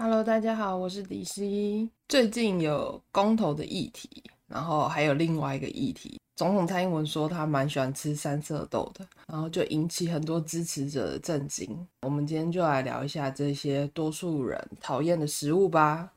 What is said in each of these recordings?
Hello，大家好，我是迪西。最近有公投的議題，然後還有另外一個議題，總統蔡英文說他蠻喜歡吃三色豆的，然後就引起很多支持者的震驚。我們今天就來聊一下這些多數人討厭的食物吧。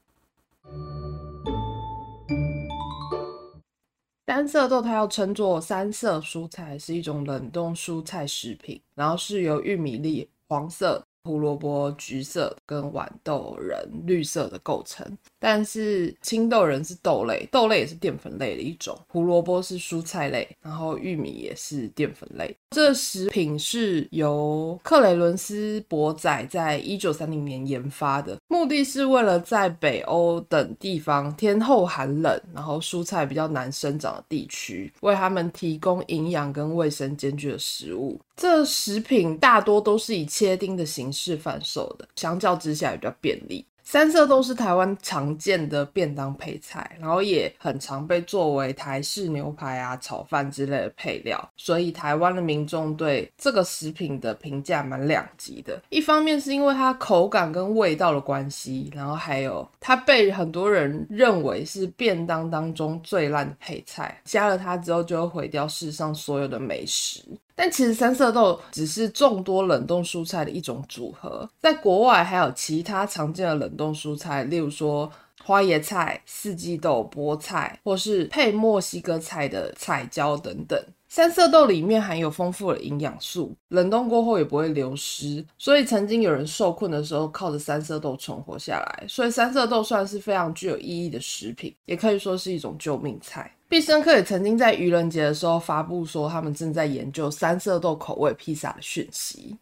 三色豆它要稱作三色蔬菜，是一種冷凍蔬菜食品，然後是由玉米粒、黃色。胡蘿蔔、橘色跟豌豆仁、綠色的構成，但是青豆仁是豆類，豆類也是澱粉類的一種。胡蘿蔔是蔬菜類，然後玉米也是澱粉類。這食品是由克雷倫斯博仔在一九三零年研發的，目的是為了在北歐等地方天候寒冷，然後蔬菜比較難生長的地區，為他們提供營養跟衛生兼具的食物。這個食品大多都是以切丁的形式販售的，相較之下也比較便利。三色豆是台灣常見的便當配菜，然後也很常被作為台式牛排啊、炒飯之類的配料。所以台灣的民眾對這個食品的評價蠻兩極的。一方面是因為它的口感跟味道的關係，然後還有它被很多人認為是便當當中最爛的配菜，加了它之後就會毀掉世上所有的美食。但其實三色豆只是眾多冷凍蔬菜的一種組合，在國外還有其他常見的冷凍蔬菜，例如說花椰菜、四季豆、菠菜，或是配墨西哥菜的彩椒等等。三色豆裡面含有豐富的營養素，冷凍過後也不會流失，所以曾經有人受困的時候靠着三色豆存活下來，所以三色豆算是非常具有意義的食品，也可以說是一種救命菜。必勝客也曾經在愚人節的時候發布說，他們正在研究三色豆口味披薩的訊息。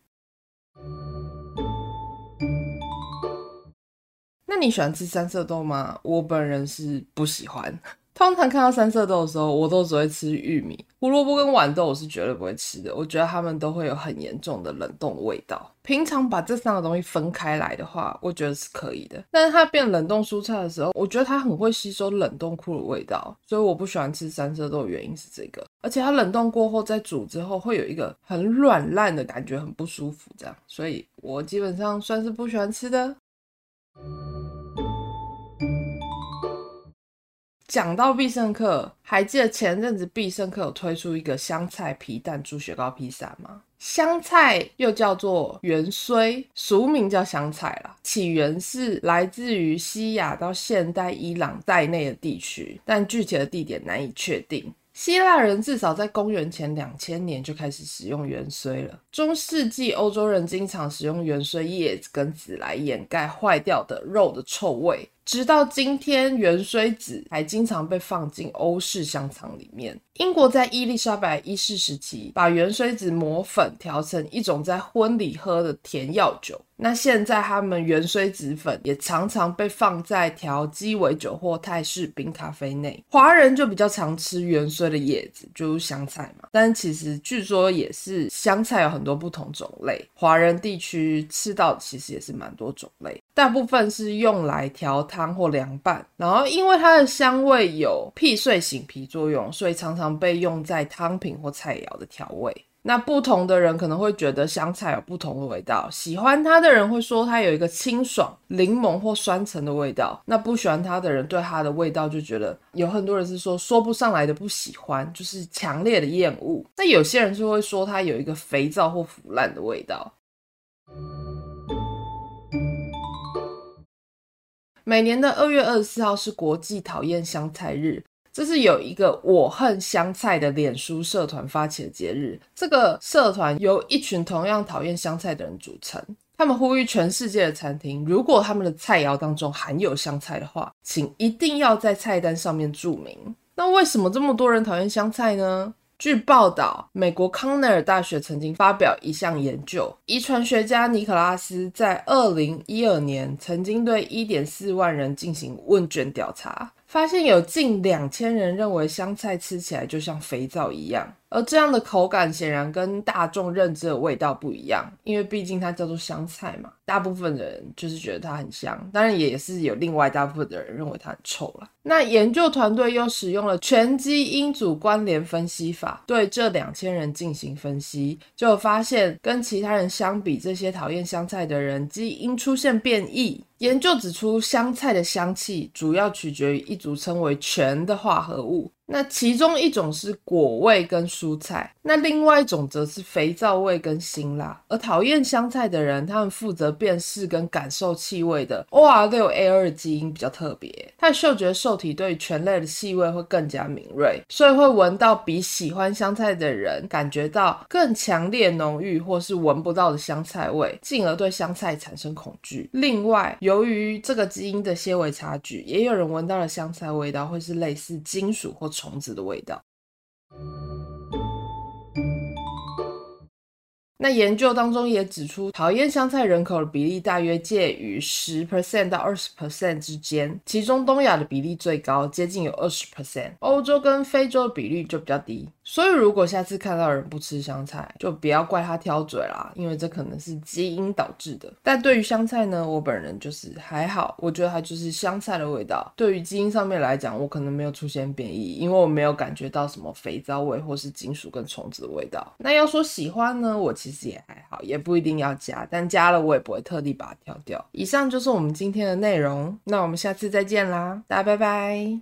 那你喜歡吃三色豆嗎？我本人是不喜歡。通常看到三色豆的時候，我都只會吃玉米、胡蘿蔔跟豌豆，我是絕對不會吃的。我覺得它們都會有很嚴重的冷凍味道。平常把這三個東西分開來的話，我覺得是可以的。但是它變冷凍蔬菜的時候，我覺得它很會吸收冷凍庫的味道，所以我不喜歡吃三色豆的原因是這個。而且它冷凍過後再煮之後，會有一個很軟爛的感覺，很不舒服這樣，所以我基本上算是不喜歡吃的。講到必勝客，還記得前陣子必勝客有推出一個香菜皮蛋豬血糕披薩嗎？香菜又叫做芫荽，俗名叫香菜啦，起源是來自於西亞到現代伊朗在內的地區，但具體的地點難以確定。希臘人至少在公元前兩千年就開始使用芫荽了。中世紀歐洲人經常使用芫荽葉子跟籽來掩蓋壞掉的肉的臭味。直到今天，芫荽籽還經常被放進歐式香腸裡面。英國在伊麗莎白一世時期，把芫荽籽磨粉調成一種在婚禮喝的甜藥酒。那現在，他們芫荽籽粉，也常常被放在調雞尾酒或泰式冰咖啡內。華人就比較常吃芫荽的葉子，就是香菜嘛。但其實據說也是香菜有很多不同種類，華人地區吃到其實也是蠻多種類。大部分是用來調湯或涼拌，然後因為它的香味有辟碎醒脾作用，所以常常被用在湯品或菜餚的調味。那不同的人可能會覺得香菜有不同的味道，喜歡它的人會說它有一個清爽、檸檬或酸橙的味道。那不喜歡它的人對它的味道就覺得有很多人是說說不上來的不喜歡，就是強烈的厭惡。那有些人就會說它有一個肥皂或腐爛的味道。每年的二月二十四號是國際討厭香菜日，這是有一個我恨香菜的臉書社團發起的節日。這個社團由一群同樣討厭香菜的人組成，他們呼籲全世界的餐廳，如果他們的菜肴當中含有香菜的話，請一定要在菜單上面注明。那為什麼這麼多人討厭香菜呢？據報道，美國康奈爾大學曾經發表一項研究，遺傳學家尼克拉斯在二零一二年曾經對一點四萬人進行問卷調查，發現有近兩千人認為香菜吃起來就像肥皂一樣。而這樣的口感顯然跟大眾認知的味道不一樣，因為畢竟它叫做香菜嘛。大部分的人就是覺得它很香，當然也是有另外大部分的人認為它很臭了。那研究團隊又使用了全基因組關聯分析法對這兩千人進行分析，就發現跟其他人相比，這些討厭香菜的人基因出現變異。研究指出，香菜的香氣主要取決於一組稱為醛的化合物。那其中一種是果味跟蔬菜，那另外一種則是肥皂味跟辛辣。而討厭香菜的人，他們負責辨識跟感受氣味的 OR6A2 基因比較特別，它的嗅覺受體對醛類的氣味會更加敏銳，所以會聞到比喜歡香菜的人感覺到更強烈、濃郁或是聞不到的香菜味，進而對香菜產生恐懼。另外，由於這個基因的些微差距，也有人聞到了香菜味道會是類似金屬或蟲子的味道。那研究當中也指出，討厭香菜人口的比例大約介於十 percent 到二十 percent 之間，其中東亞的比例最高，接近有二十 percent，歐洲跟非洲的比例就比較低。所以如果下次看到人不吃香菜，就不要怪他挑嘴啦，因為這可能是基因導致的。但對於香菜呢，我本人就是還好，我覺得它就是香菜的味道。對於基因上面來講，我可能沒有出現變異，因為我沒有感覺到什麼肥皂味或是金屬跟蟲子的味道。那要說喜歡呢，我其實也還好，也不一定要加，但加了我也不會特地把它挑掉。以上就是我們今天的內容，那我們下次再見啦，大家拜拜。